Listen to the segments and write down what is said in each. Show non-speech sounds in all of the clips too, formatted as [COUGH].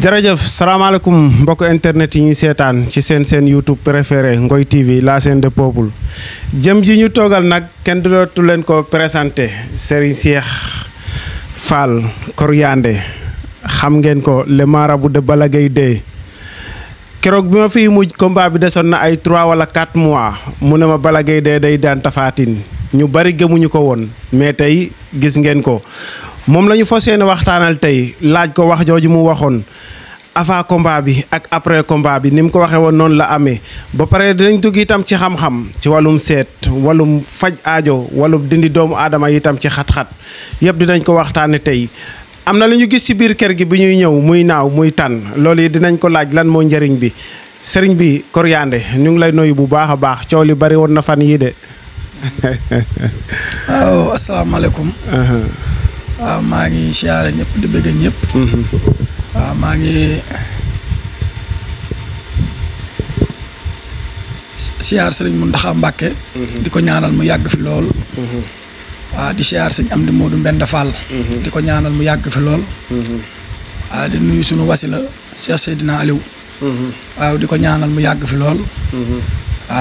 jërëjëf salaamaaleykum mbokk internet yi ñuy seetaan ci seen seen YouTube préféré Ngoy TV la chaîne de peuple jëm ji ñu toogal nag kenn dootu leen ko présenté Serigne Cheikh Fall Koriandé xam ngeen ko le marabout de Balla Gaye keroog bi ma fiy mujj combat bi desoon na ay 3 wala 4 mois mu ne ma Balla Gaye 2 day daan tafaatin ñu bari gëmuñu ko woon mais tey gis ngeen ko moom la ñu fas yéene waxtaanal tey laaj ko wax jooju mu waxoon avant combat bi ak après combat bi ni mu ko waxee woon noonu la amee ba pare dinañ dugg itam ci xam-xam ci wàllum seet wàllum faj aajo wàllum dindi doomu aadama itam ci xat-xat yëpp dinañ ko waxtaane tey am na lu ñu gis ci biir kër gi bi ñuy ñëw muy naaw muy tànn loolu yi dinañ ko laaj lan moo njëriñ bi sëriñ bi Koriandé ñu ngi lay nuyu bu baax a baax coow li bari woon na fan yii de. [LAUGHS] waaw asalaamaaleykum. waaw ah, siara ñep di bëgg ñep waaw mhm. ah, maa siar siyaar mu ndaxa Mbacké. Mhm. di ñaanal mu yagg fi lool. Mhm. Ah, di siar sëñ Amdi Modou Mbenda Fall. di ñaanal mu yagg fi lool. di nuyu suñu wasila Cheikh Seydina Aliou. waaw di ñaanal mu yagg fi lool.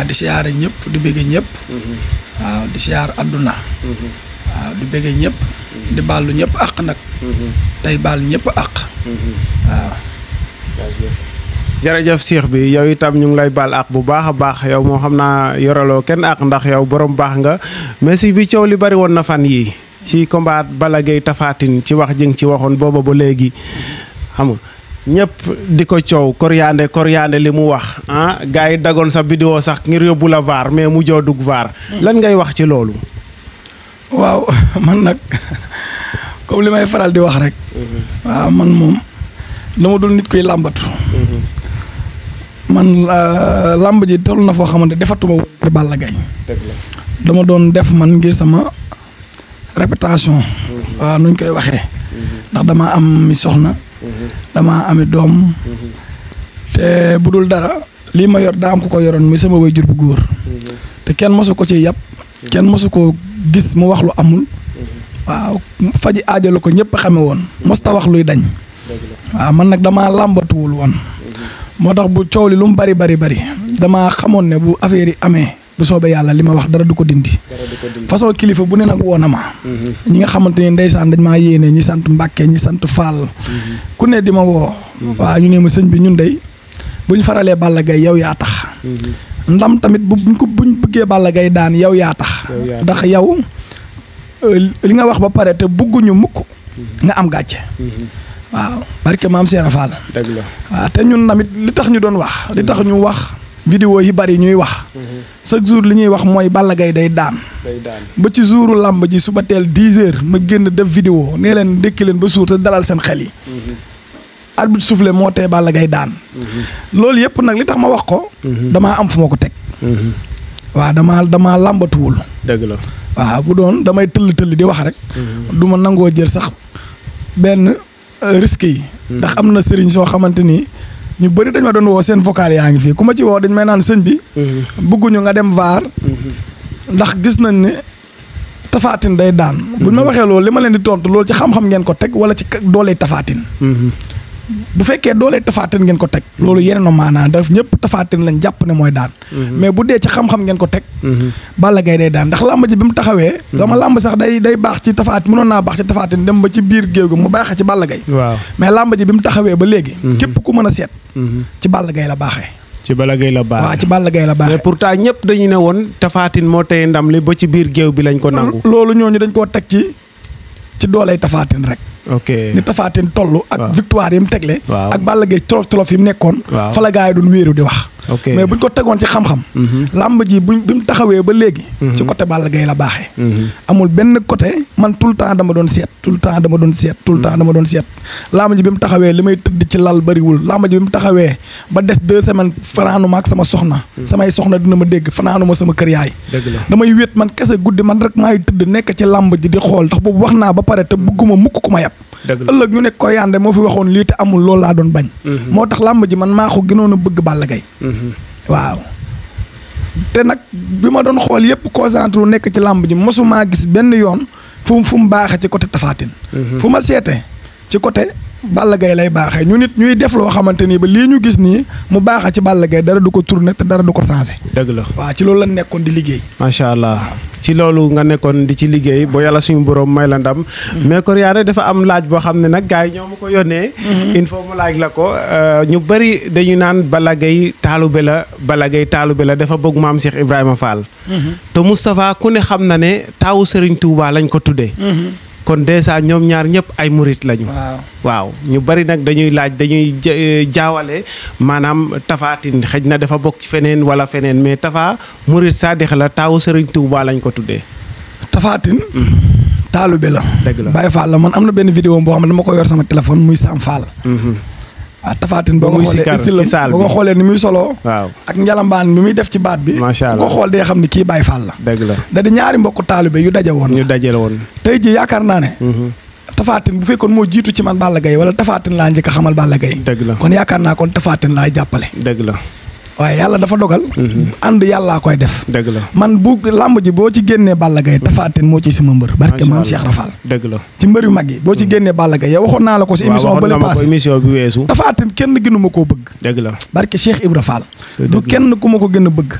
di siar ñep di bëgg ñëpp. waaw di siar aduna waaw di bëgg ñëpp di balu ñep ak nak tay bal ñep ak waaw jërëjëf Cheikh bi yow itam ñu ngi lay bal ak bu baaxa baax yow mo xamna yoralo ken ak ndax yow borom baax nga merci bi ciow li bari won na fan yi ci combat Balla Gaye Tapha ci wax jing ci waxon bobo bo legi xam nga diko di koriyande koriyande koriande koriande wax ah gars dagon sa video sax ngir yobula var mais mu jow dug var mm-hmm. lan ngay wax ci lolu waaw [LAUGHS] man nag comme li may faral di wax rek. Mm-hmm. waaw man moom dama dul nit koy làmbatu. Mm-hmm. man làmb ji toll na foo xamante defatuma woon di Balla dama doon def man ngir sama réputation. Mm-hmm. waaw nuñ koy waxee. ndax dama am mi soxna. dama ami doom. te bu dul dara lii ma yor daa am ku ko yoroon muy sama waajur bu góor. te kenn mosu ko ci yàpp. kenn mosu ko gis mu wax lu amul waaw faji aajo ko ñëpp xame woon mosta wax luy dañ waaw man nag damaa làmbatuwul woon moo tax bu coow li lu mu bari bari bari damaa xamoon ne bu affaire yi amee bu soobee yàlla li ma wax dara du ko dindi façon kilifa bu ne nag woon na ma ñi nga xamante ne ndeysaan dañ maa yéene ñi sant Mbàkke ñi sant Fall ku ne di ma woo mm-hmm. waaw ñu ne ma sëñ bi ñun dey bu faralee Balla Gaye yow yaa tax mm-hmm. ndam tamit buñ ko buñ bëggee Balla gay daan yow yaa tax ndax yow euh, li nga wax ba pare te bëgguñu mukk mhm. nga am gàcce mhm. waaw barke maam Seera Fall dëgg la waaw te ñun tamit li tax ñu doon wax li tax ñu wax vidéo yi bari ñuy wax mhm. chaque jour li ñuy wax mooy Balla gay day daan ba ci jouru làmb ji suba teel dix heures ma génn def vidéo nee leen ndékki leen ba suur te dalal seen xel yi arbitre soufflé moo tee Balla Gaye daan loolu yëpp nag li tax ma wax ko damaa am fu ma ko teg waaw damaa damaa làmbatuwul dëgg la waaw bu doon damay tëll tëll di wax rek du ma jël sax benn euh, risque yi ndax na sëriñ soo ñu bëri dañ ma doon woo seen vocal yaa ngi fii ku ma ci woo dañ may naan sëñ bi bëgguñu nga dem vaar ndax gis nañ ne tafaatin day daan buñ ma waxee loolu li leen di tontu loolu ci xam-xam ngeen ko wala ci doole tafatin bu fekkee doolee tafaatin ngeen ko teg loolu yeneen o maanaa daf ñëpp tafaatin lañ jàpp ne mooy daan mhm. mais bu dee ci xam-xam ngeen ko teg mhm. Balla Gaye day daan ndax làmb bi mu taxawee sama mhm. làmb sax day day baax ci tafaatin mënoon naa baax ci tafaatin dem ba ci biir géew mu baaxee ci Balla Gaye waaw mais bi mu taxawee ba léegi képp ku mën a seet ci Balla Gaye la baaxee ci Balla Gaye la baax ci Balla gay la baaxe mais pourtant ñëpp dañu ne woon tafaatin moo teye ndam li ba ci biir géew bi lañ ko nangu loolu ñooñu dañ koo teg ci ci dooley tafaatin rek ok ni Tapha Tine toll. ak victoire yi mu tegle. ak Balla Gaye tolof tolof yi mu nekkoon. fa la gars yi doon di wax. mais bu ñu ko tegoon ci xam-xam mhm. làmb ji buñ bi mu taxawee ba léegi mhm. ci côté Balla gay la baaxee mhm. amul benn côté man tout le temps dama doon seet tout le temps dama doon seet tout le doon seet làmb ji bi mu taxawee li may tëdd ci lal bariwul làmb ji bi mu taxawee ba des deux semaines fanaanu ma ak sama soxna samay soxna dina ma dégg fanaanu ma sama kër yaay damay wéet man kese guddi man rek maay tëdd nekk ci làmb ji di xool ndax boobu wax naa ba pare te bëgguma mukk ku ma yàpp ëllëg ñu ne coriandre moo fi waxoon lii te amul loolu laa doon bañ mhm. moo tax làmb ji man maa ko gënoon a bëgg Balla gay mhm. waaw te nag bi ma doon xool yëpp concentré nekk ci làmb ji mosu maa gis benn yoon fu mu fu mu baaxee ci côté tafaatin Tine mhm. fu ma seete ci côté Balla Gaye lay baaxee ñu nit ñuy def loo xamante nii ba lii ñu gis nii mu baaxa ci Balla Gaye dara du ko tourné te dara du ko changé. dëgg la waaw ci loolu la nekkoon di liggéey. macha allah ci loolu nga nekkoon di ci liggéey boo yàlla suñu boroom may la ndam. Mm-hmm. mais Koriander dafa am laaj boo xam ne nag gars yi ñoo ma ko yónnee. Mm-hmm. il faut mu laaj la ko euh, ñu bari dañu naan Balla Gaye taalube la Balla Gaye taalube la dafa bëgg maam Cheikh Ibrahima Fall. Mm-hmm. te Moustapha ku ne xam na ne taawu Serigne Touba lañ ko tuddee. kon dèjà ñoom ñaar ñëpp ay murit lañu. waaw ñu bari nag dañuy laaj dañuy euh, jaawale maanaam tafaatin xëj na dafa bokk ci feneen wala feneen mais tafa murit saadix la taawu sëriñ tuubaa lañ ko tuddee. tafaatin. Mm-hmm. taalu bi la. dëgg la Baye Fall la man am na benn vidéo boo xam ne dama ko yor sama téléphone muy Sam Fall. Mm-hmm. ah tafaatin boo ko xoolee istil boo ko xoolee ni muy soloo ak njalambaan bi muy def ci baat bi macha ko xool dee xam ni kii Baay Faal la dëgg la da di ñaari mbokk taalibe yu daje woon ñu daje woon tey ji yaakaar naa ne mhm. tafaatin bu fekkoon moo jiitu ci man Balla Gaye wala tafaatin laa njëkk a xamal Balla Gaye dëgg la kon yaakaar naa kon tafaatin laay jàppale dëgg la waaye yàlla dafa dogal. Mhm. ànd yàllaa koy def. dëgg la man bu làmb ji boo ci génnee Balla Gaye tafaatin moo ci sama mbër. barke maam Cheikh Rafal. dëgg la ci mbër yu mag yi boo ci mhm. génnee Balla Gaye yow waxoon naa la ko si émission. waaw waxoon naa ko weesu. tafaatin kenn gënu koo bëgg. dëgg la barke Cheikh ib Fall. du kenn ku ma ko gën a bëgg.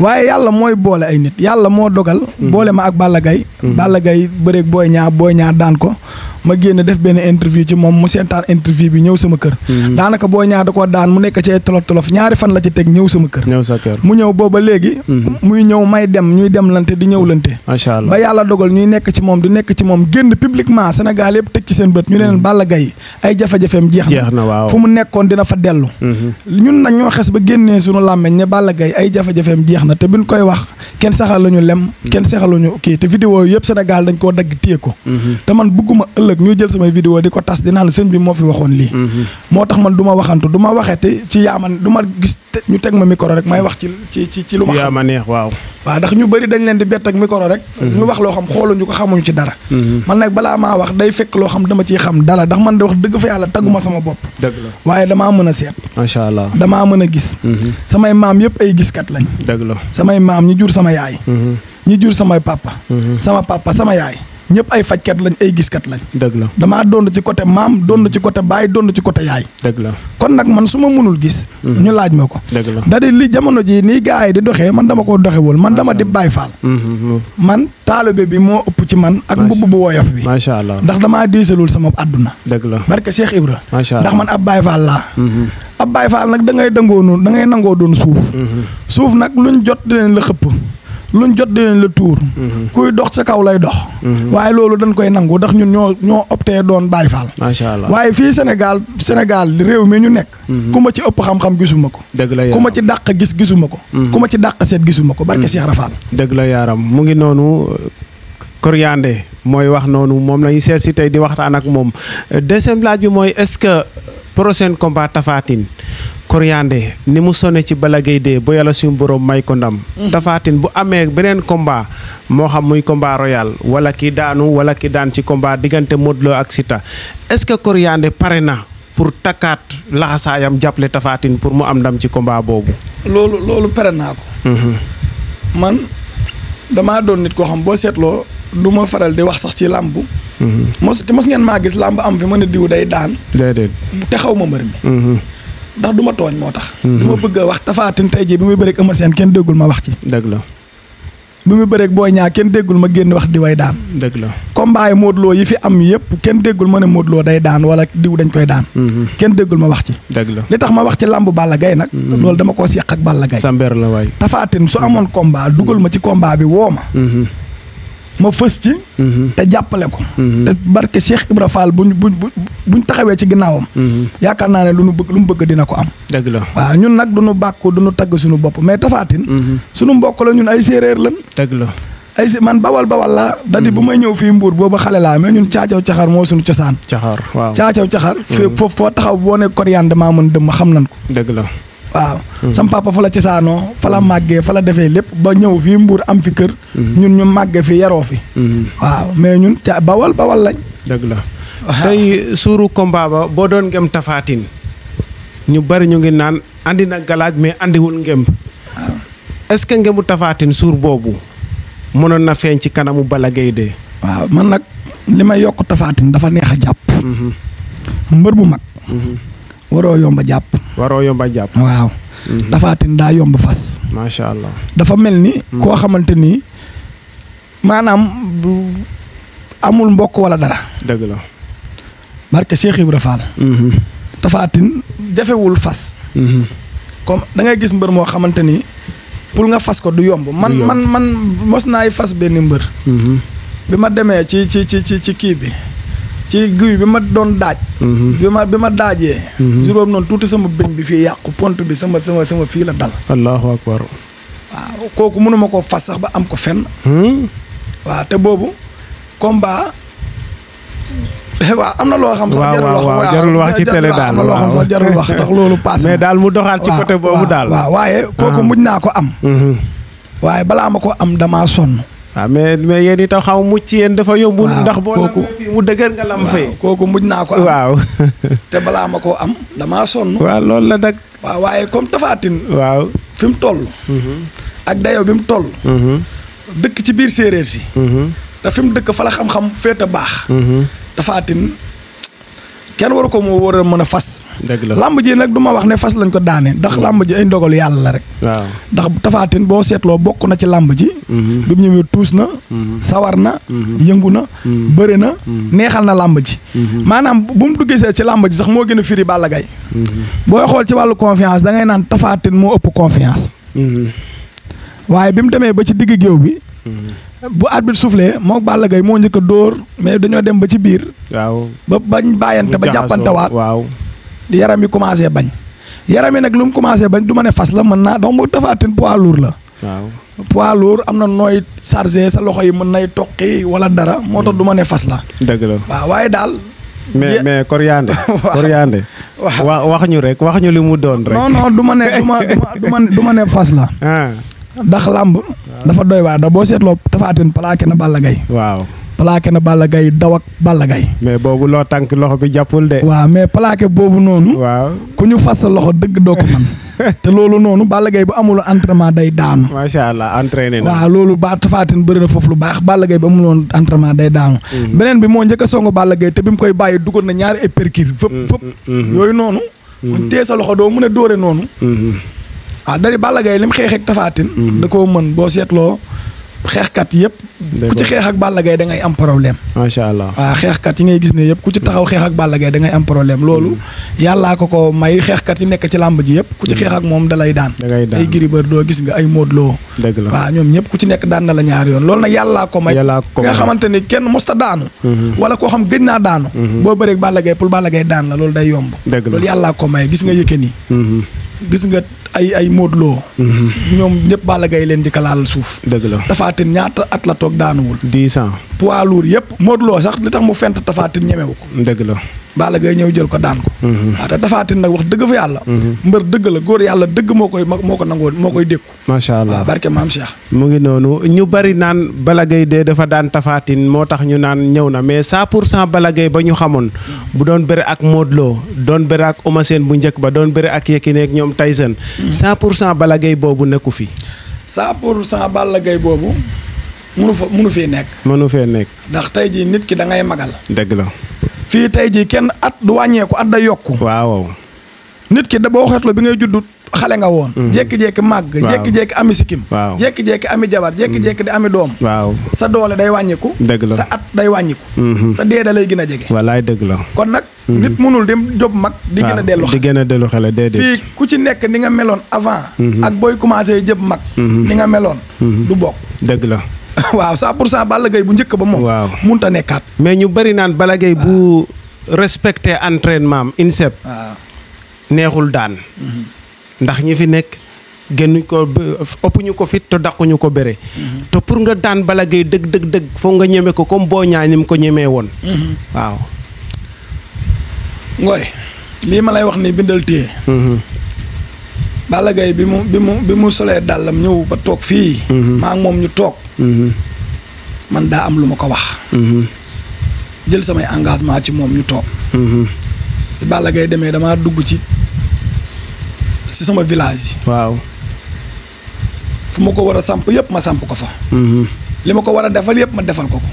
waaye yàlla mooy boole ay nit yàlla moo dogal. Mm. boole ma ak Balla Gaye. Mm. Balla Gaye bëreek booy ñaar booy ñaar daan ko ma génn def benn interview ci moom mu seetaan interview bi ñëw sama kër. Mm. daanaka booy ñaa da daan mu nekk ci tolof tolof ñaari fan la ci teg ñëw sama kër. ñëw sa kër mu ñëw booba léegi. Mm-hmm. muy ñëw may dem ñuy dem lante di ñëw lante. macha allah ba yàlla dogal ñuy nekk ci moom di nekk ci moom génn publiquement Sénégal yëpp teg ci seen bët ñu leen mm-hmm. Balla Gaye ay jafe-jafeem jeex na fu mu nekkoon dina fa dellu. Mm-hmm. ñun nag ñoo xes ba génnee sunu làmmeñ ne Balla Gaye ay jafe FM jeex na te buñ koy wax kenn saxal la ñu lem mm-hmm. kenn saxal la kii te vidéo yëpp Sénégal dañ koo dagg téye ko mm-hmm. te man bugguma ëllëg ñu jël samay vidéo di ko tas dinaa la sëñ bi moo fi waxoon lii mm-hmm. moo tax man duma ma waxantu du ma waxete ci yaaman du ma gis ñu teg ma micro rek may wax ci ci ci ci lu ma xam waaw waaw ndax ñu bari dañ leen di bett ak micro rek ñu wax loo xam xooluñu ko xamuñu ci dara man nag balaa maa wax day fekk loo xam dama ciy xam dara ndax man de wax dëgg fa yàlla tagguma sama bopp dëgg la waaye damaa mën a seet macha allah damaa mën a gis samay maam yëpp ay giskat lañ Daglo sama Imam ñu sama yaay. Mhm. ñu jur sama papa. Mhm. sama papa sama yaay. ñepp ay kat lañ ay kat lañ. dëgg la damaa doon ci côté mam don ci côté bay don ci côté yaay. dëgg la kon nak man suma mënul gis. Mhm. ñu laaj mako Daglo. dëgg la da li jamono ji ni gaay di doxé man dama ko wol, man dama di bay faal. man talibé bi mo upp ci man. ak mbubb bu woyof bi. sha allah ndax dama déselul sama aduna. Daglo. la barke Cheikh Ibra. sha allah ndax man ab bay faal la ab bay faal nak da ngay dangoo non da ngay nango doon suuf. suuf nag luñ jot di leen la xëpp luñ jot di leen la tuur mhm. kuy dox sa kaw lay dox mhm. waaye loolu dañ koy nangu ndax ñun ñoo ñoo opté doon Baay Faal macha allah waaye fii Sénégal Sénégal réew mi ñu nekk mhm. ku ma ci ëpp xam-xam gisuma ko dëgg ma ci dàq gis gisuma ko ku ma ci dàq seet gisuma ko barke Cheikh Rafal dëgg la yaaram mu ngi noonu Koriandé mooy wax noonu moom lañu seet si tey di waxtaan ak moom deuxième laaj bi mooy est-ce que prochain combat Tapha Koriandé ni mu sone ci bala Gaye de ba yàlla suñu borom may ko ndam. Mm. Tapha bu amee beneen combat moo xam muy combat royal wala ki daanu wala ki daan ci combat diggante Modou Lo ak Siteu est-ce que Koriandé pare na pour takkaat laxasaayam jàppale Tapha pour mu am ndam ci combat boobu. loolu loolu pare naa ko. Mm-hmm. man damaa doon nit koo xam boo seetloo du ma faral di wax sax ci làmb. Mm-hmm. mos mos ngeen maa gis làmb am fi ma ne diw day daan. te xaw ma mbër mi. Mm-hmm. ndax du ma tooñ moo tax. Mhm. du ma bëgg a wax tafaatin tey jii bi muy bëreeg Eumeu Sène kenn déggul ma wax ci. dëgg la. bi muy bëreeg booy Niang kenn déggul ma génn wax di way daan. dëgg la combat yi yi fi am yëpp kenn déggul ma ne Modou day daan wala diw dañ koy daan. Mhm. kenn déggul ma wax ci. dëgg la li tax ma wax ci làmb Balla gay nag. Mhm. loolu dama koo seq ak Balla Gaye. la waay. tafaatin su amoon kombaa dugal ma ci kombaa bi woo ma. ma fës ci. Mhm. te jàppale ko. Mhm. te barke Cheikh Ibra bu buñ bu buñ taxawee ci ginnaawam. Mhm. yaakaar naa ne lu nu bëgg lu mu bëgg dina ko am. dëgg la waaw ñun nag du nu bàkku du nu tagg suñu bopp mais tafaatin. suñu mbokk la ñun ay séeréer lan. dëgg la ay si man bawal bawal la da di bu may ñëw fii Mbour booba xale laa mais ñun caacaw caxar moo suñu cosaan. caxar waaw caacaw caxar. foofu foo taxaw boo ne coriandre maa mën dëmm xam nan ko. dëgg la. waaw sam papa la cosaanoo fa la màggee fa la defee lépp ba ñëw fii mbuur am fi kër ñun ñu màgge fi yaroo fi waaw mais ñun ca bawal bawal lañ dëgg la tey suuru combat ba boo doon ngem tafaatin ñu bari ñu ngi naan andi na galaaj mais andiwul ngem est-ce que ngemu tafaatin suur boobu mënoon na feeñ ci kanamu bala Gaye waaw man nag li may yokk tafaatin dafa neex a jàpp mhm. mbër bu mag mhm. waro yomba japp waro yomba jàpp. waaw. Mhm. tin da yomba fas. sha allah dafa melni ni. Mhm. xamanteni manam amul mbok wala dara. deug la. barke Cheikh Ibra Fall. Mhm. tin defewul fas. comme da ngay gis mbeur mo xamanteni pour nga fas ko du yomb. man man man mosnaay fas ben mbeur bi ma demee ci ci ci ci ki bi. ci guy bi ma doon daaj mhm. bi ma bi ma daajee mhm. juróom noonu tuuti sama bëñ bi fii yàqu pont bi sama sama sama fii la dal allahu akbar waaw kooku mënuma koo ba am ko fenn hmm? waaw boobu combat waaw am na loo xam sax jarul wax ci télé daal am na loo wax loolu [LAUGHS] passé daal mu doxaat ci boobu daal waaw waaye kooku ah. mujj naa ko am mhm. waaye balaa ma ko am damaa sonn waaw ah, mais mais yéen itam xaw mucc ci yéen dafa yomb. ndax boo lambee mu dëgër nga lam fee. kooku mujj naa ko am waaw. [LAUGHS] te balaa ma koo am damaa sonn. waaw loolu la nag. waaw waaye comme tafaatin. waaw fi mu toll. Mm-hmm. ak dayo bi mu toll. Mm-hmm. dëkk ci biir séeréer si. Mm-hmm. te fi mu dëkk fa la xam-xam féete baax. tafaatin kenn waru ko moo war mën a fas. dëgg la làmb ji nag du ma wax ne fas lañ ko daane ndax mm. làmb ji ay ndogalu yàlla la rek. waaw ndax tafaatin boo seetloo bokk na ci làmb ji. Mm-hmm. bi mu ñëwee tuus na. Mm-hmm. sawar na. Mm-hmm. yëngu na. bëri na. neexal na làmb ji. maanaam bu mu duggesee ci làmb ji sax moo gën a firi Balla Gaye. booy xool ci wàllu confiance da ngay naan tafaatin moo ëpp confiance. waaye bi mu demee ba ci digg géew bi. bu arbitre soufflé mook Balla gay mo ñëk door mais dañoo dem ba ci biir. waaw ba bañ bayante ba waat waaw di yaram yi commencé bañ. yaram yi nak lu mu commencé bañ du ma fas la mëna naa donc mu tafatine poids lourd la. waaw poids lourd amna noy nooy chargé sa loxoy mën nay toqi wala dara mo tax du ma fas la. deug la waaw waye dal mais mais coriandre coriandre [LAUGHS] waaw wax ñu rek wax ñu limu doon rek. non non du ma ne du ma du ma fas la. [LAUGHS] Ah. ndax làmb dafa doy waar da boo seetloo Tapha Tine plaqué na Balla Gaye waaw plaqué na Balla Gaye daw ak Balla Gaye mais boobu loo tànk loxo bi jàppul de. waaw mais plaqué boobu noonu. waaw ku ñu fas loxo dëgg doo ko man [LAUGHS] te loolu noonu Balla Gaye bu amul entraînement day daanu. macha allah entraîné na. waaw loolu ba Tapha Tine bëri na foofu lu baax Balla Gaye bu amul woon entraînement day daanu. Mm-hmm. beneen bi moo njëkk a songu Balla bi mu koy bàyyi duggoon na ñaari épercure. fëpp fëpp mm-hmm. Mm-hmm. yooyu noonu. ku ñu sa loxo doo mun a dóore noonu. waaw ah, dari Balla Gaye li mu xeex ak Tapha mhm. da koo mën boo seetloo xeexkat yëpp ku ci xeex ak Balla Gaye da ngay am problème macha allah waaw ah, xeexkat yi ngay gis ne yëpp ku ci taxaw xeex ak Balla da ngay am problème loolu mhm. yàllaa ko ko may xeexkat yi nekk ci làmb ji yëpp ku ci xeex mhm. ak moom dalay daan ay Gris doo gis nga ay Modou Lo dëgg la waaw ñoom ñëpp ku ci nekk daan na la ñaari yoon loolu nag yàllaa ko may nga xamante ni kenn mosta daanu wala koo xam gëj naa daanu boo bëreeg Balla Gaye pour Balla Gaye daan la loolu day yomb loolu yàllaa ko may gis nga Yékini gis nga ay ay Modou mhm. ñoom ñëpp Balla Gaye leen njëkk a laal suuf. dëgg la Tapha ñaata at la toog daanuwul. dix ans poids lourd yëpp Modou sax li tax mu fent Tapha Tine ñemewu ko. dëgg la Balla gay ñëw jël ko daan ko mhm. waaw te dafaatin nag wax dëgg fa yàlla mhm. mbër dëgg la góor yàlla dëgg moo koy mag moo ko nangoo moo koy dékku macha allah barke maam Cheikh mu ngi noonu ñu bari naan Balla Gaye de dafa daan tafaatin moo tax ñu naan ñëw na mais cent pour cent Balla Gaye ba ñu xamoon bu doon bëre ak Modou Lo doon bëre ak Eumeu Sène bu njëkk ba doon bëre ak Yékini ak ñoom Tyson mhm. cent pour cent Balla Gaye boobu nekku fi cent pour cent Balla Gaye boobu munu fa munu fee nekk. munu fee nekk. ndax tey jii nit ki da ngay magal. dëgg la. fii tey jii kenn at du wàññeeku at day yokku. waaw. nit ki da boo xeetloo bi ngay judd xale nga woon. Mm. jékki-jékki màgg. waaw jékki-jékki ami sikkim. waaw jékki-jékki ami jabar jékki-jékki di ami doom. waaw sa doole day wàññiku. dëgg la sa at day wàññiku. Mm-hmm. sa dee da lay gën a jege. wallaay dëgg la. kon nag. Mm-hmm. nit mënul di job mag. di gën a dellu xel di gën a dellu xel fii ku ci nekk ni nga meloon avant. Mm-hmm. ak booy commencé jëb mag. ni nga meloon. du bokk dëgg la. [LAUGHS] waaw 100 pour cent Balla Gaye bu njëkk ba moom. waaw mënut nekkaat. mais ñu bari naan Balla Gaye bu respecté entraînement am ah. neexul daan. Mhm. ndax ñi fi nekk gënuñ ko ëpp ñu ko fit te daquñu ko bëre. Mhm. te pour nga daan bala Gaye dëgg dëgg dëgg foog nga ñeme ko comme boo ñaa ni mu ko ñemee woon. Mhm. waaw. ngooy lii ma lay wax ni bindal téye. Balla Gaye bi mu bi mu bi mu solee dàllam ñëw ba toog fii. Mhm. maa ngi moom ñu toog. Mhm. man daa am lu ma ko wax. Mhm. jël samay engagement ci moom ñu toog. bi Balla demee damaa dugg ci si sama village yi. waaw fu ma ko war a samp yëpp ma samp ko fa. li ma ko war a defal yëpp ma defal ko ko.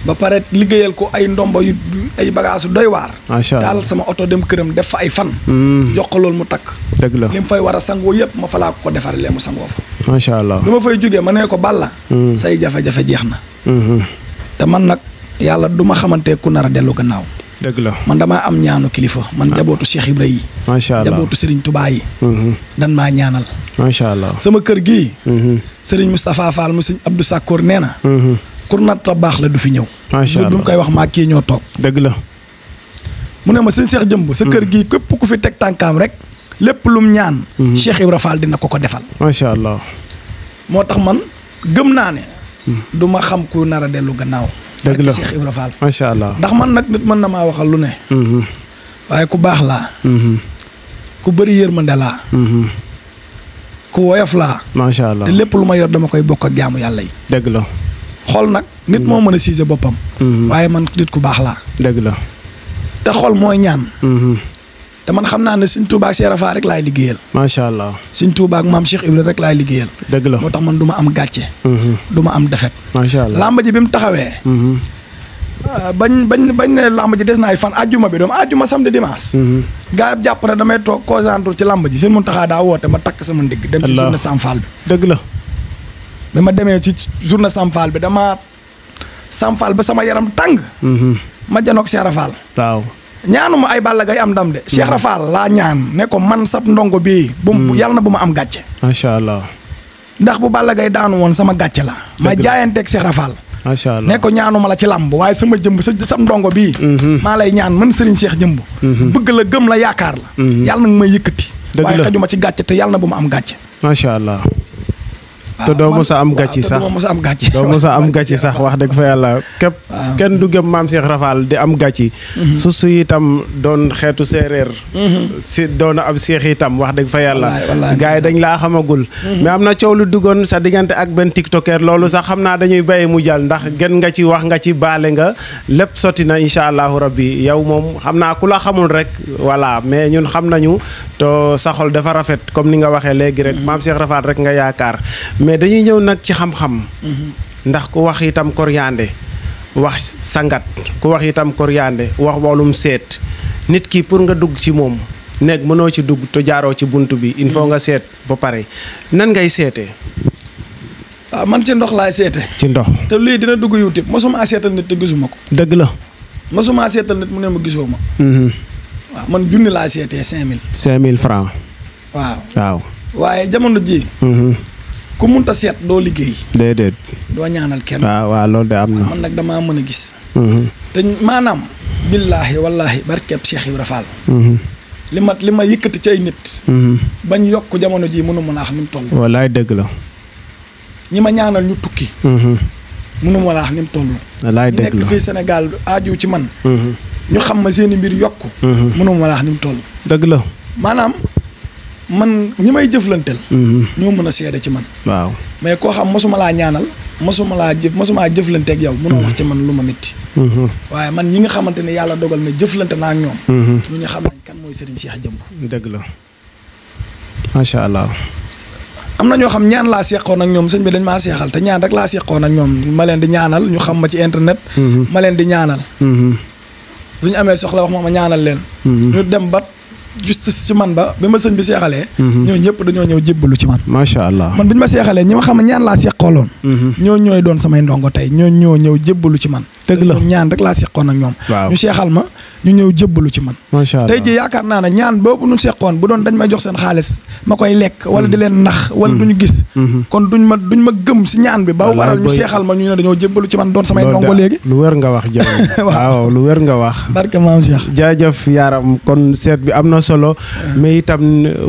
ba pare liggéeyal ko ay ndomba yu ay bagage doy waar. macha allah daal sama oto dem këram def fa ay fan. Hmm. jox ko loolu mu takk. dëgg la li mu fay war a sangoo yëpp ma fa ko defaree lee mu sangoo fa. macha allah lu ma fay jógee ma nee ko Balla. Hmm. say jafe-jafe jeex na. Hmm. te man nag yàlla du ma xamante ku nar a dellu gannaaw. dëgg la man damaa am ñaanu kilifa man ah. jabootu seex Ibra yi. macha allah jabootu Serigne Touba yi. dan maa ñaanal. macha allah sama kër gii. Serigne Moustapha Fall mu Serigne Abdou Sakkour nee na. Kurna ta bax la du fi ñew macha bu mu koy wax ma ki ñoo tok deug la. mu ne ma seigne Cheikh Jëmb. sa kër hmm. gi kep ku fi tek tankam rek. lu mu ñaan. Hmm. Cheikh Ibra Fall dina ko ko defal. sha allah. motax man gëm naa ne. Hmm. du ma xam ku nara delu gannaaw. deug la Cheikh Ibra Fall. sha allah ndax man nak nit man na ma waxal lu ne. waye ku baax laa. ku bëri yërmande laa. ku woyof ma sha allah te lepp lu ma yor dama koy bokk ak jaamu yalla yi. deug la. xol nag nit moo mën a siise boppam mhm. waaye man nit ku baax laa dëgg la te xol mooy ñaan mhm. te man xam naa ne Sëñ Tuubaa ak Cheikh Rafa rek laay liggéeyal macha allah Sëñ Tuubaa ak maam Cheikh Ibra rek laay liggéeyal dëgg la moo tax man duma am gàcce mhm. duma am defet làmba allah làmb ji bi mu taxawee ah, bañ bañ bañ ne làmb ji des na ay fan ajjuma bi doom ajjuma samedi dimanche gaa yi jàpp na damay toog concentré ci làmb ji Sëñ Muntaxaa daa woote ma takk sama ndigg dem ci suñu ne Sam bi dëgg la bi ma demee ci journée Samfal bi dama Samfal ba sama yaram tang, mhm. ma janok Cheikh Rafal. waaw ñaanuma ay Balla gay am ndam de. Cheikh Rafal mhm. la ñaan ne ko man sap ndongo bi bu mhm. yalla na buma am gatché inshallah ndax bu Balla gay daanu won sama gatché la. ma jaayanteeg Cheikh Rafal. inshallah ne ko ñaanuma la ci lamb waye sama jëm sa sam ndongo bi ma lay ñaan man Serigne Cheikh jëmb. bëgg la gëm la yaakar la. yàlla na may yëkëti waye xajuma ci gatché te yalla na buma am gatché te doo mos a am gàcci sax doo mos a am gàcci sax wax dëgg fa yàlla képp kenn du gëm maam Cheikh Rafal di am gàcci mhm. su su itam doon xeetu séeréer mhm. si doon ab Cheikh itam wax dëgg fa yàlla gars yi dañ laa xamagul mhm. mais am na lu duggoon sa diggante ak benn tiktoker loolu sax xam naa dañuy bàyyi mu jàll ndax gën nga ci wax nga ci baale nga lépp soti na incha allahu rabbi yow moom xam naa ku la xamul rek voilà mais ñun xam nañu to saxol dafa rafet comme ni nga waxee léegi rek maam Cheikh Rafal rek nga yaakaar mais dañuy ñëw nag ci xam-xam mhm. ndax ku wax itam koriande wax sangat ku wax itam koriande wax wàllum seet nit ki pour nga dugg ci moom nekk mënoo ci dugg te jaaroo ci bunt bi il faut mhm. nga seet ba pare nan ngay seete waaw ah, man ci ndox laay seete ci ndox te lii dina dugg YouTube mosuma seetal nit te gisuma ko dëgg la mosuma seetal nit mu ne ma gisoo ma mhm. waaw man junni laa seetee cinq mille cinq mille francs waaw waaw waaye jamono ji ku munta seet doo liggéey. déedéet. doo ñaanal kenn. Ah, waaw waaw lool de am na. man nag damaa mën a gis. Mm-hmm. te maanaam. billaahi wallaahi barkeeb Cheikh Ibra Fall. Mm-hmm. li ma li ma yëkkati ci ay nit. Mm-hmm. bañ yokk jamono jii mënu ma laax ni mu toll. wallaay dëgg la. ñi ma ñaanal ñu tukki. mënu ma laax ni mu toll. wallaay dëgg la nekk fii Sénégal aaju ci man. ñu xam ma seen i yokk. mënu ma laax ni mu toll. dëgg la maanaam. man ñi may jëflanteel. Mhm. ñoo mën a seede ci man. waaw mais koo xam mosuma laa ñaanal mosuma laa jëf mosuma jëflanteeg yow. mënoo mhm. wax ci man lu ma métti. Mhm. waaye man ñi nga xamante ne yàlla dogal na jëflante naa ak ñoom. ñu ñu xam nañ kan mooy Serigne Cheikh Jëmb. dëgg la macha allah. am na ñoo xam ñaan laa seqoon ak ñoom sëñ bi dañ maa seexal te ñaan rek laa seqoon ak ñoom ma leen di ñaanal ñu xam ma ci internet. ma leen di ñaanal. bu ñu amee soxla wax ma ma ñaanal leen. ñu dem bat justice ci man ba bi ma sëñ bi seexalee mhm. ñoo ñëpp dañoo ñëw jébbalu ci man macha allah man bi ñu ma seexalee ñi ma xam ne ñaan laa seqaloon mhm. ñoo ñooy doon samay ndongo tey ñoo ñoo ñëw jébbalu ci man dëgg la ñaan rek laa seqoon ak ñoom ñu seexal ma ñu ñëw jébbalu ci man macha allah tey ji yaakaar naa ne ñaan boobu nu seqoon bu doon dañ may jox seen xaalis ma koy lekk wala di mm. leen nax wala ñu mm. gis mm-hmm. kon duñ ma duñ ma gëm si ñaan bi ba waral ñu seexal ma ñu ne dañoo jébbalu ci man doon samay ndongo léegi lu wér nga wax jë [LAUGHS] waaw lu wér nga wax barke maam Cheikh jaajëf yaaram kon seet bi am na solo mais itam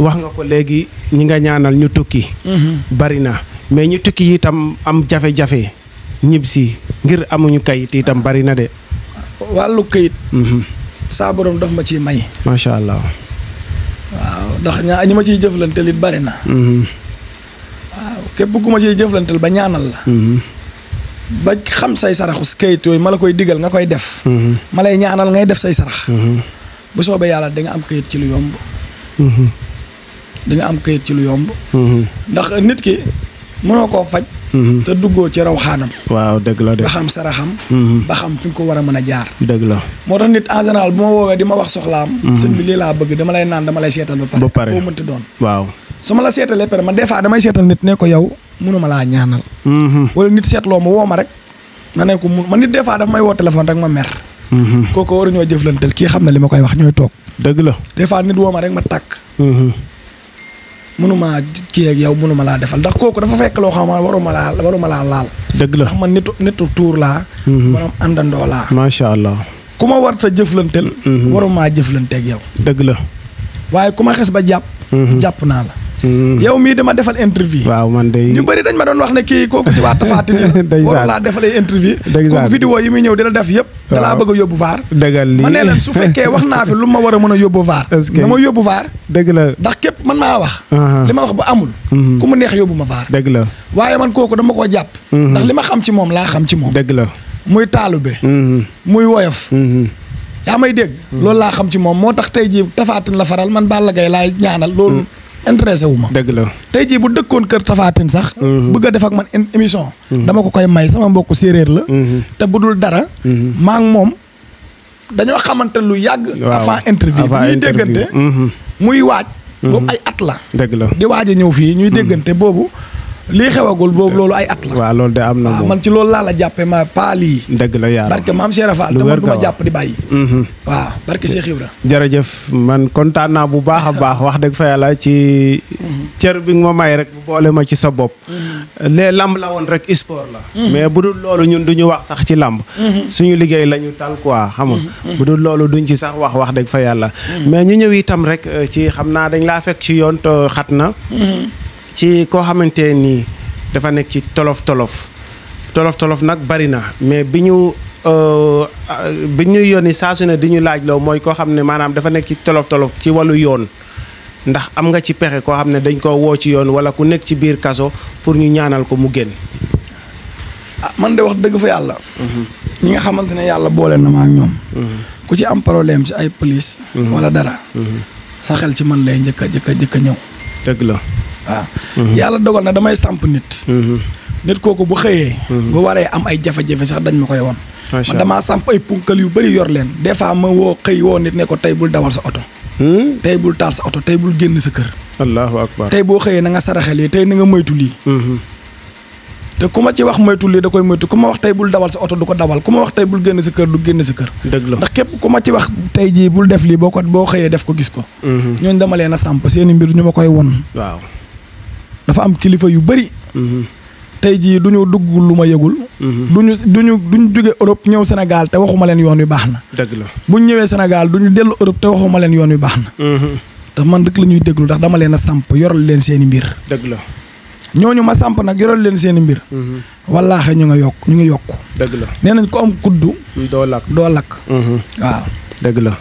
wax nga ko léegi ñi nga ñaanal ñu tukki mm-hmm. bari na mais ñu tukki itam am jafe-jafe ñibbisi ngir amuñu kayit itam bari na de walu kayit mhm. sa borom daf ma ci may sha allah waaw ndax ñaa ñima ci ciy jëflanteel it bari na mhm. waaw képp ku ma ci jëflanteel ba ñaanal la mhm. ba xam say saraxu kayit yoy mala koy digal nga koy def hmm malay ñaanal ngay def say sarax bu soobe yalla da nga am kayit ci lu yomb da nga am kayit ci lu yomb ndax nit ki mënoo Mhm. te duggoo ci raw xaanam waaw dëgg la de ba xam saraxam mhm. ba xam fi ko war a mën a jaar dëgg la moo tax nit en général bu ma woowee di ma wax soxlaam mhm. sëñ bi lii laa bëgg dama lay naan dama lay seetal ba pare boo mënti doon waaw su ma la seetalee pare man des fois damay seetal nit ne ko yow mënuma laa ñaanal wala nit seetloo ma woo ma rek ma ne ko mun ma nit des fois daf may woo téléphone rek ma mer kooku waruñoo jëflantel kii xam na li ma koy wax ñooy toog dëgg la des fois nit woo ma rek ma tàkk mënuma kii ak yow mënuma laa defal ndax kooku dafa fekk loo xam ne waruma laa waruma laa laal. dëgg la ndax man nitu nitu tuur laa. borom mhm. àndandoo laa. ku ma warta jëflanteel. Mhm. waruma jëflanteek yow. dëgg la. waaye ku ma xes ba jàpp. Mhm. jàpp naa la. Mm. yow mii dama defal interview. waaw man day ñu bëri dañ ma doon wax ne kii kooku ci waa tafaati nii. day war laa defalee interview. day saa vidéo yi muy ñëw di la def yëpp. waaw da laa bëgg a yóbbu vaar. dëggal ne leen su fekkee wax naa fi lu ma war a mën a yóbbu vaar. est-ce que dama yóbbu la ndax képp man maa wax. Uh-huh. li ma wax bu amul. Mm-hmm. ku mu neex yóbbu ma vaar. dégg la waaye man kooku dama ko jàpp. Mm-hmm. ndax li ma xam ci moom laa xam ci moom. dëgg la muy taalube. Mm-hmm. muy woyof. yaa may dégg. loolu laa xam ci moom moo tax tey jii tafaatin la faral man Balla Gaye laay ñaanal loolu. intéressé wu ma. dëgg la tey jii bu dëkkoon kër Tafatin sax. Mhm. bëgg a def ak man émission. Mhm. dama ko koy may sama mbokk séeréer la. Mhm. te budul dara. maa moom dañoo xamante lu yàgg. avant interview bi ñuy déggante. muy waaj. boobu ay at la. dëgg la di waaj a ñëw fii ñuy déggante boobu. lii xewagul boobu loolu ay at la. waaw loolu de am na ah, moom man ci loolu laa la jàppee ma paal yi. dëgg la yaar barke maam Cheikh Rafal te man ma jàpp di bàyyi. Mhm. waaw barke Cheikh Ibra. jërëjëf man kontaan naa bu baax a baax wax dëgg fa yàlla ci. cër bi nga ma may rek boole ma ci sa bopp. Mhm. lee lamb la woon rek sport la. Mhm. mais bu dul loolu ñun du ñu wax sax ci lamb. suñu liggéey la ñu tal quoi xam nga. bu dul loolu duñ ci sax wax wax dëgg fa yàlla. mais ñu ñëw itam rek euh, ci xam naa dañ laa fekk ci yoon xat na. ci koo xamante ni dafa nekk ci tolof tolof tolof tolof nak barina, na mais bi ñu euh, bi ñuy yónni saa su laaj loo dafa ci tolof tolof ci wàllu yoon ndax am nga ci pexe koo xam dañ koo ci yoon wala ku nekk ci kaso pour ñu ñaanal ko mu génn. ah man de wax dëgg fa yàlla. Mhm. ñi nga xamante ne boole na ma mhm. ku ci am problème ci ay police. Mhm. wala dara. sa xel ci man lay njëkk a njëkk a njëkk la. waaw mhm. yàlla dogal na damay samp nit mhm. nit kooku bu xëyee mhm. bu waree am ay jafe-jafe sax dañ ma koy woon man damaa samp ay punkal yu bari yor leen des fois ma woo xëy woo nit ne ko tey bul dawal sa oto hmm? tey bul taal oto tey bul génn sa kër allahu akbar tey boo xëyee na nga saraxe tey na nga moytu lii te ku ma ci wax moytu lii da koy ku ma wax tey bul dawal sa oto du ko dawal ku ma wax tey bul génn sa kër du génn sa kër dëgg ndax képp ku ma ci wax tey jii bul def lii boo ko boo xëyee def ko gis ko ñooñu dama leen a samp seeni mbir ñu ma koy won waaw dafa am kilifa yu bëri. Mm-hmm. tey jii du ñu dugg lu ma yegul du mm-hmm. ñu duñu ñu du ñu jóge Europe ñëw Sénégal te waxuma leen yoon wi baax na. dëgg la bu ñu ñëwee Sénégal du ñu dellu Europe te waxuma leen yoon wi baax na. Mm-hmm. te man rek la ñuy déglu ndax dama leen a samp yoral leen seen i mbir. dëgg la ñooñu ma samp nag yoral leen seeni mbir. wallaahi ñu nga yokk ñu ngi yokk. dëgg la nee nañ ko am kuddu. doo lakk doo lakk. la.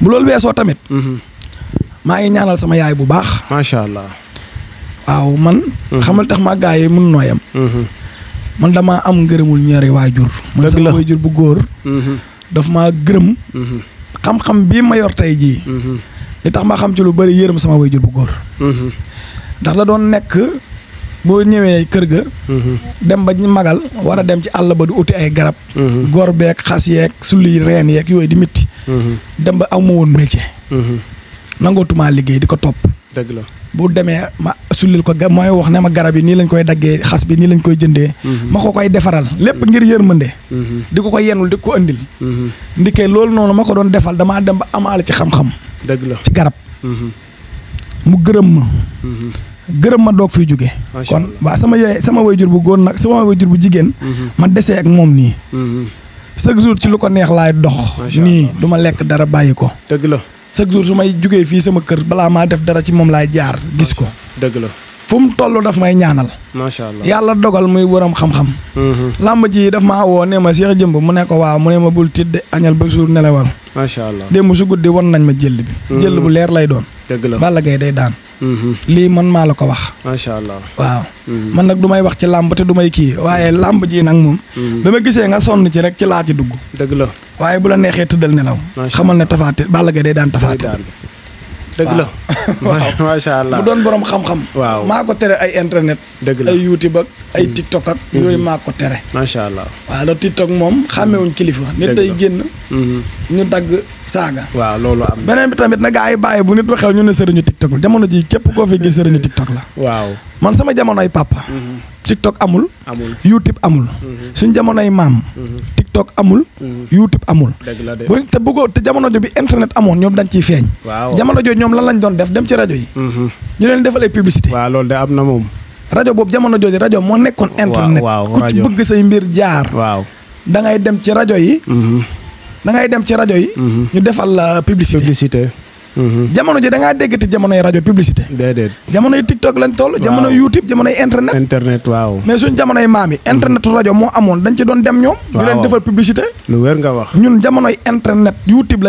bu loolu weesoo tamit. maa ngi ñaanal sama yaay bu baax. macha allah. waaw man. Mhm. xamal tax ma gaa yi mun nooyam. Mhm. man dama am ngërëmul ñaari wajur man sama wajur bu góor. Mhm. daf maa gërëm. xam-xam bi ma yor li tax ma xam ci lu bari sama wajur bu góor. ndax la doon nek bo ñewé kër ga. dem ba ñu magal wara dem ci Allah ba du uti ay garab. góor beeg xas yeeg sulli reen yeeg yoy di mitti. dem ba amu won métier. nangotuma liggéey di top deug la. bu demee ma sullil ko mooy wax ne ma garab yi nii lañ koy daggee xas bi nii lañ koy jëndee mhm. ma ko koy defaral lépp ngir de mhm. di ko ko yenul di ko andil mhm. ndikee loolu noonu ma ko doon defal damaa dem ba amaale ci xam-xam dëgg la ci garab mu gërëm ma gërëm ma doog fiy jóge kon waa sama yaay sama bu góor nag sama wayjur bu jigéen ma desee ak moom nii chaque jour ci lu ko neex laay dox nii du ma lekk dara bàyyi ko dëgg chaque jour su may jugee fii sama kër balaa maa def dara ci moom laay jaar gis ko dëgg la fu mu toll daf may ñaanal macha allah yàlla dogal muy waram xam-xam mm-hmm. làmb ji daf maa woo ne ma Cheikh Jëmb mu ne ko waaw mu ne ma bul tidd añal ba jour nelawal macha allah démb su guddi won nañ ma jël bi mm-hmm. jël bu leer lay doon dëgg la Balla Gaye day daan. Mm-hmm. lii man maa la ko wax. macha allah waaw. Mm-hmm. man nag du may wax ci làmb te du may kii waaye làmb jii nag moom. Mm-hmm. bi ma gisee nga sonn ci rek ci laa ci dugg. dëgg la waaye bu la neexee tëddal nelaw. xamal ne tafaati Balla Gaye day daan tafaati. dëgg la [LAUGHS] macha allah mu doon boroom xam-xam. waaw maa ko tere ay internet. dëgg la ay YouTube ak ay mm. TikTok ak. Mm-hmm. yooyu maa ko tere. macha allah waaw la TikTok moom xàmmewuñ mm-hmm. kilifa. nit day génn. Mm-hmm. ñu dagg saaga. waaw loolu am beneen bi tamit nag gaa yi bàyyi bu nit waxee ñu ne sëriñu TikTok la jamono ji képp koo fi gis sëriñu TikTok la. waaw man sama jamonoy papa. Mhm. TikTok amul. amul YouTube amul. Mhm. suñ jamonoy maam. Mhm. TikTok amul. YouTube amul. dëgg la de bu te bëggoo te jamono jo bi internet amoon ñoom dañ ci feeñ. waaw jamono jooju ñoom la lañ doon def dem ci rajo yi. ñu leen defal ay publicité. waaw loolu de am na moom. rajo boobu jamono jooju rajo moo nekkoon. internet ku ci bëgg say mbir jaar. dangay dem ci rajo yi. da dem ci rajo yi. ñu defal la publicité publicité. jamono ji da ngaa déggati jamonoy rajo publicité déedéet jamonoy TikTok lañ toll jamonoy YouTube jamonoy internet internet waaw mais suñ jamonoy maam yi internet rajo moo amoon dañ ci doon dem ñoom ñu leen defal publicité lu nga wax ñun jamonoy internet YouTube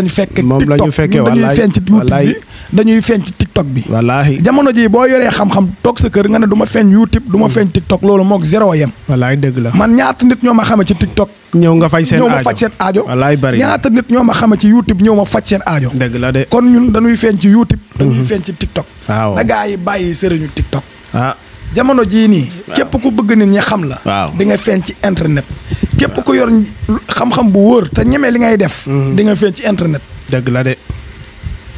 moom la ñu fekkee dañuy feeñ ci YouTube bi dañuy feeñ ci TikTok bi wallaahi jamono ji boo yoree xam-xam toog sa kër nga ne duma ma feeñ YouTube du ma feeñ TikTok loolu moog zéro yem wallaahi dëgg la man ñaata nit ñoo ma xamee ci TikTok ñëw nga faj seen aajo ñëw ma faj aajo. wallaay bari ñaata nit ñoo ma xama ci YouTube ñëw ma faj seen aajo. dëgg la de kon ñun dañuy feeñ ci YouTube. Mhm. dañuy feeñ ci TikTok. waaw na gaa yi bàyyi TikTok. ah jamono jii nii. képp ku bëgg nit ñi xam la. di nga feeñ ci internet. képp ku yor xam-xam bu wóor te ñemee li ngay def. Mhm. di nga feeñ ci internet. dëgg la de.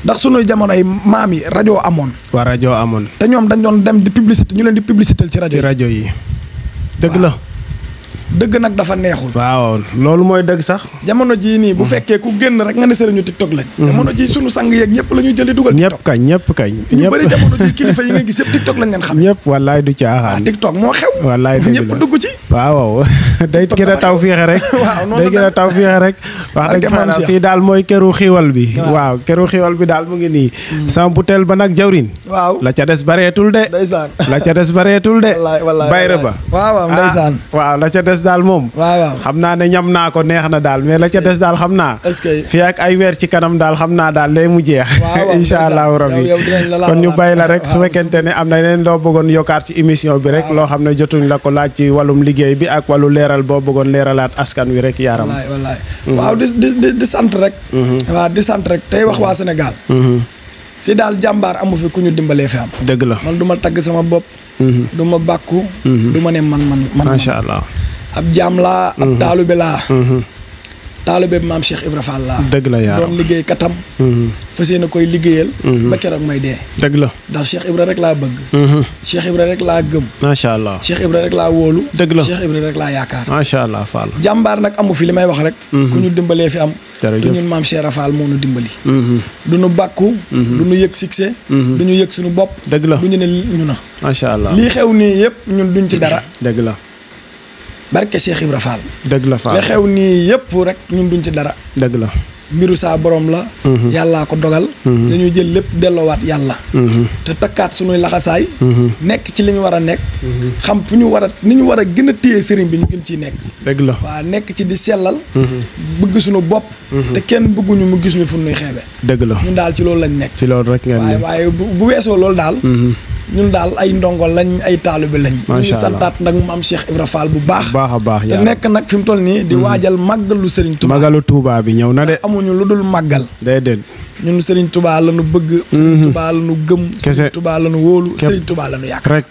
ndax sunu jamonoy maam yi radio amon. waa rajo amoon. te ñoom dañ doon dem di publicité ñu leen di publicité ci radio. yi. ci rajo yi dëgg la. dëgg nag dafa neexul. waaw loolu mooy dëgg sax. jamono jii nii bu mm. fekkee ku génn rek nga ne sëriñu TikTok lañ. Mm. jamono jii sunu sang yeeg ñëpp la ñuy jëli dugal. TikTok ñëpp kañ ñëpp kañ. ñu bëri jamono jii gis yëpp TikTok lañ xam. ñëpp wallaay du caaxaan. waaw ah, TikTok moo xew. wallaay dëgg dugg ci. waaw [LAUGHS] day gën a taw fiixe rek [LAUGHS] day gën a taw fiixe fii daal mooy këru xiiwal bi waaw këru xiiwal bi daal mu ngi nii mm. sama butéel ba nag jawrin waaw la ca des bareetul de ndeysaan la ca des bareetul de bayre ba waaw ndeysaan ah, waaw la ca des daal moom waaw xam naa ne ñam naa ko neex na daal mais la ca des daal xam naa fii ak ay weer ci kanam daal xam naa daal lay mu jeex [LAUGHS] incha allahu rabbi kon ñu bàyyi la rek su fekkente ne am na leen loo bëggoon yokkaat ci émission bi rek loo xam ne jotuñ la ko laaj ci wàllum liggéey liggéey bi ak wàllu leeral boo bëggoon leeralaat askan wi rek yaaram. wallaay wallaay. Mm-hmm. waaw di di di sant rek. Mm-hmm. waaw di sant rek tey wax mm-hmm. waa Sénégal. fii daal jàmbaar amu fi ku ñu dimbalee fi am. dëgg la man du tagg sama bopp. du ma bàkku. du ma ne man man man. macha allah ab jaam laa. ab taalube laa. taalibe maam Cheikh Ibra Fall laa dëgg la yaa doon liggéey katam mhm. fas yéene koy liggéeyal mhm. ba keroog may dee dëgg la ndax Cheikh Ibra rek laa bëgg mhm. Cheikh Ibra rek laa gëm macha allah Cheikh Ibra rek laa wóolu dëgg la rek laa yaakaar macha allah Fall jàmbaar nag amu fi li may wax rek ku ñu dimbalee fi am te ñun maam Cheikh Ibra moo nu dimbali du nu bàkku du nu yëg succès du ñu yëg suñu bopp dëgg la du ñu ne ñu na macha allah lii xew nii yëpp ñun duñ ci dara dëgg la barke Cheikh Ibra Fall. dëgg la Fall la xew nii yëpp rek ñun duñ ci dara. dëgg la mbiru saa boroom la. Mhm. yàllaa ko dogal. Mhm. dañuy jël lépp delloowaat yàlla. Mhm. te takkaat suñuy laxasaay. nekk ci li ñu war a nekk. xam fu ñu war a ni ñu war a gën a téye sëriñ bi ñu gën ciy nekk. dëgg la waaw nekk ci di sellal. bëgg suñu bopp. te kenn bëgguñu mu gis ñu fu nuy xeebe. dëgg la ñun daal ci loolu lañ nekk. ci loolu rek ngeen waaye bu weesoo loolu daal. ñun daal ay ndongo lañ ay taalu bi lañ ñu ngi santaat nag maam Cheikh Ibra Fall bu baax baax a baax te nekk nag fi toll nii di mm. waajal màggalu Serigne Touba màggalu Touba bi ñëw na de amuñu lu dul màggal déedéet ñun Serigne tubaa la ñu bëgg mm-hmm. Serigne Touba la ñu gëm Serigne tubaa la ñu wóolu Serigne tubaa la ñu yàq rek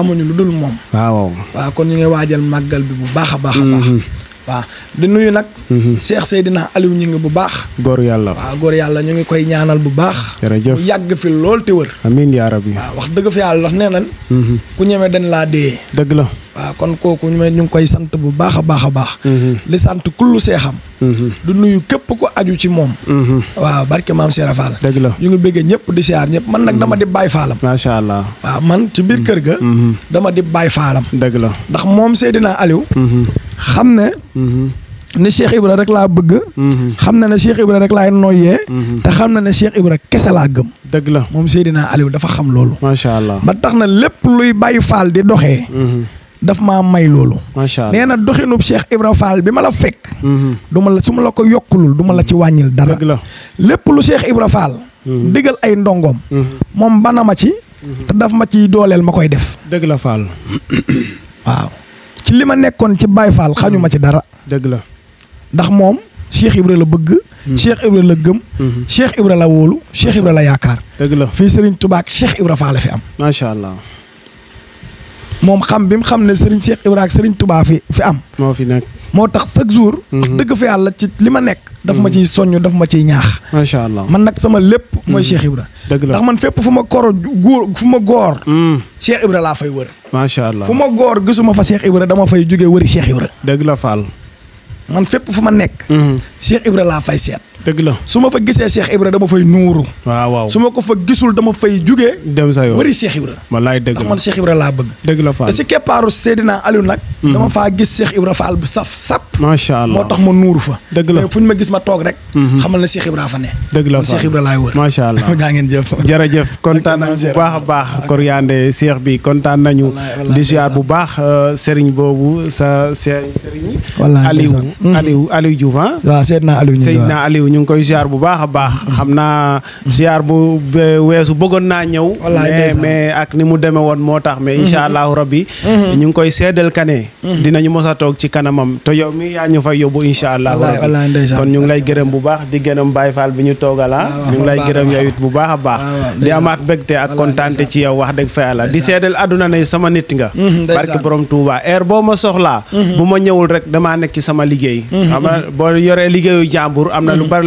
amuñu lu dul moom waaw waaw kon ñu ngi waajal màggal bi bu baax a baax a baax mm-hmm. waaw di nuyu nag. Mhm. Cheikh Seydina Aliou ñu ngi bu baax. góor yàlla waaw góor yàlla ñu ngi koy ñaanal bu baax. jërëjëf yàgg fi lool te wër. amiin yaa rabbi. waaw wax dëgg fi yàlla ndax nee nañ. Mhm. ku ñeme dañ laa dee. dëgg la. waaw kon kooku ñu ñu ngi koy sant bu baax a baax a baax. li mm-hmm. sant kullu seexam. Mm-hmm. du nuyu képp ko aju ci moom. Mm-hmm. waaw barke maam Seera Fall. dëgg la ñu ngi bëggee ñëpp di siyaar ñëpp man nag dama di bàyyi faalam. macha allah waaw man ci biir kër ga. dama di bàyyi faalam. dëgg la ndax moom Seydina Aliou. xam ne. ne Cheikh Ibra rek laa bëgg. xam na ne Cheikh Ibra rek laay noyyee. te xam na ne Cheikh Ibra kese laa gëm. dëgg la moom naa Aliou dafa xam loolu. macha allah ba tax na lépp luy bàyyi faal di doxee. dafa ma may loolu. macha allah na doxinub Cheikh Ibra Fall bi ma la fekk. Mm-hmm. du la su ma la ko yokkulul duma la ci mm-hmm. wàññil dara. la lépp lu Cheikh Ibra Fall. Mm-hmm. digal ay ndongoom. moom bana ma ci. te daf ma ci dooleel ma koy def. dëgg la Fall. [COUGHS] waaw ci li ma nekkoon ci Baye Fall xañu ma ci dara. dëgg ndax moom Cheikh Ibra la bëgg. Cheikh Ibra la gëm. Cheikh Ibra la wóolu Cheikh Ibra la yaakaar. dëgg la fii Serigne tubaak ak Cheikh Ibra Fall la fi am. macha allah. moom xam bi mu xam ne Serigne Cheikh Ibra ak Serigne tubaab fi fi am. moo fi nekk moo tax chaque jour. Mhm. wax dëgg fa yàlla ci li ma nekk. daf ma mhm. ciy soññ daf ma ciy ñaax. macha allah man nag sama lépp. mooy mhm. Cheikh Ibra. dëgg ndax man fépp fu ma koro góor fu ma góor. Cheikh Ibra laa fay wër. macha allah fu ma góor gisuma fa Cheikh Ibra dama fay jógee wëri Cheikh Ibra. dëgg la faal man fépp fu ma nekk. Cheikh Ibra laa fay seet. dëgg la su ma fa gisee Cheikh Ibra dama fay nuuru. waaw waaw su ma ko fa gisul dama fay jugee. dem sa yoon wëri Cheikh Ibra. wallaay dëgg la ndax man Cheikh Ibra laa bëgg. dëgg la Fall te si keppaaru Seydina Aliou nag. Mm. dama faa gis Cheikh tax ma nuuru fa. dëgg fu ñu ma gis ma toog rek. Mm-hmm. xamal na Cheikh Ibra fa ne. dëgg la Fall Cheikh Ibra laay wër. macha allah daa [LAUGHS] ngeen jëf. jërëjëf [LAUGHS] kontaan nañu baax a baax. Koriandé Cheikh bi kontaan nañu. di ziar bu baax euh, Serigne boobu sa mm-hmm. ah. Serigne. ñu ngi koy ziar bu baax a baax xam naa ziar bu weesu bëggoon naa ñëw mais mais ak ni mu demee woon moo tax mais incha mhm. allahu rabbi mhm. ñu ngi koy seedal kane mhm. dinañu mos a toog ci kanamam te yow mi yaa ñu fay yóbbu incha allahu rabbi kon ñu ngi lay gërëm bu baax di gërëm Baye Fall bi ñu toogala ah. ñu ngi lay gërëm yow bu baax a baax di amaat bégte ak kontaante ci yow wax dëgg fa yàlla di seedal àdduna ne sama nit nga barke borom Touba heure boo ma soxlaa bu ma ñëwul rek dama nekk ci sama liggéey boo yoree liggéeyu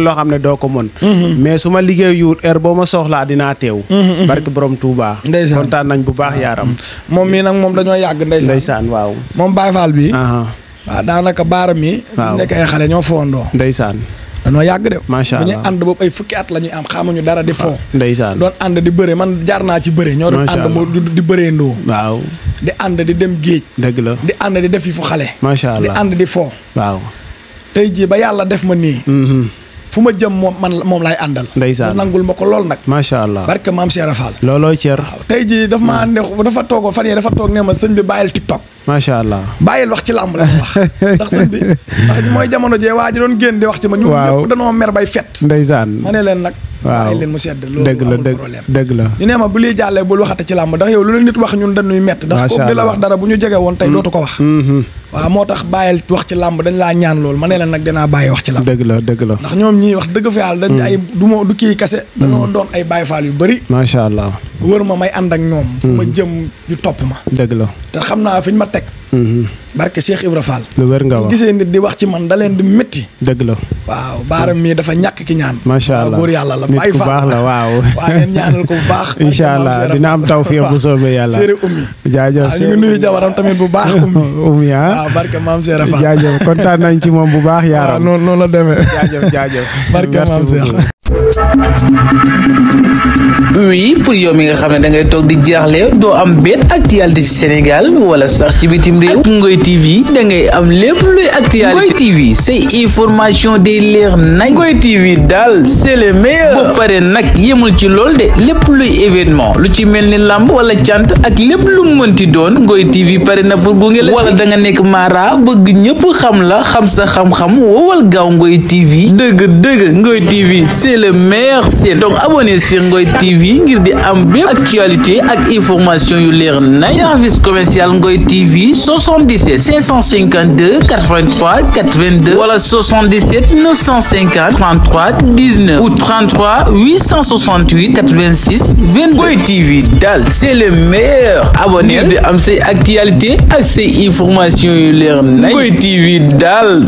bari lo xamne ne doo ko mën mhm. mais suma ma yu er bo ma soxla dina tew mhm, mhm, barke borom Touba contane kontaan nañ bu baax ah, yaram mom mi nak mom dañoo yag ndeysaan ndeysaan waaw moom Baye Fall bi ah da naka bar mi nek ay xalé ñoo fondo ndeysaan dañu yag de macha allah bu ñuy ànd ay fukki at lañu am xamuñu dara di fond ah, ndeysaan doon and di beure man jaar na ci beure ñoo doon ànd mu di beure ndo waaw di and di dem geej deug la di and di def fi fu xale macha allah di and di fond waaw tay ji ba yalla def ma ni hmm fu ma jëm moom man moom laay àndal. ndeysaan nangul ma ko lool nag. macha allah barke maam Cheikh Rafal. loolooy Thierno waaw tey jii dafa ma ne dafa toog fan yii dafa toog ne ma sëñ bi bàyyil TikTok. macha allah bàyyil wax ci làmb la wax [LAUGHS] ndax sëñ bi jamono jee waa ji doon génn di wax ci ma. ñu ñëpp danoo mer bay fet. ndeysaan ma ne leen nag. waaw leen mu sedd loolu dëgg la dëgg la ñu ne ma bu lii jàllee bul waxate ci làmb ndax yow lu mett ndax la wax dara bu ñu jege woon tey mm. dootu ko wax mm-hmm. wa motax bayal wax ci lamb dañ la ñaan lool mané la nak dina bàyyi wax ci lamb deug la deug la ndax ñom ñi wax deug fa yalla dañ mm. ay du ma du kii kase mm. dañoo doon ay Baay Faal yu bari ma sha allah wër ma may and ak ñom fu mm. ma jëm ñu top ma deug la te xamna fiñ ma tek hmm barke Cheikh Ibra Fall lu wër nga wax gisee nit di wax ci man da leen di metti deug la waaw baaram mi dafa ñak ki ñaan ma sha allah góor yalla la Baay Faal baax la waaw [LAUGHS] wa leen ñaanal ko baax [LAUGHS] incha allah dina am tawfiq bu soobe yalla cheikh ummi ci ñu nuyu jabaram tamit bu baax [LAUGHS] ummi ummi ha ah. waaw barke maam Seera Fall jaajëf kontaan nañ ci moom bu baax. yaaram waaw noonu la demee. jaajëf jaajëf barke maam Seera oui pour yow mi nga xam ne da ngay toog di jaaxle doo am benn actualité ci Sénégal wala sax ci bitim réew ak Ngoy TV da ngay am lépp luy actualité Ngoy TV say information day leer nañ Ngoy TV daal c'est le meilleur pare nag yemul ci lool de lépp luy événement lu ci mel ni làmb wala cant ak lépp lu mënti doon Ngoy TV pare na pour gunge la wala da nga nekk mara bëgg ñëpp xam la xam sa xam-xam wowal gaaw Ngoy TV dëgg dëgg Ngoy TV c'est merci donc vous sur Ngoy TV ngir di am actualité ak information yu leer service commercial Ngoy TV 77 552 83 82 Voilà 77 950 33 19 ou 33 868 86 22 Ngoy TV Dal. c'est le meilleur abonné vous am actualité ak information yu leer Ngoy TV dal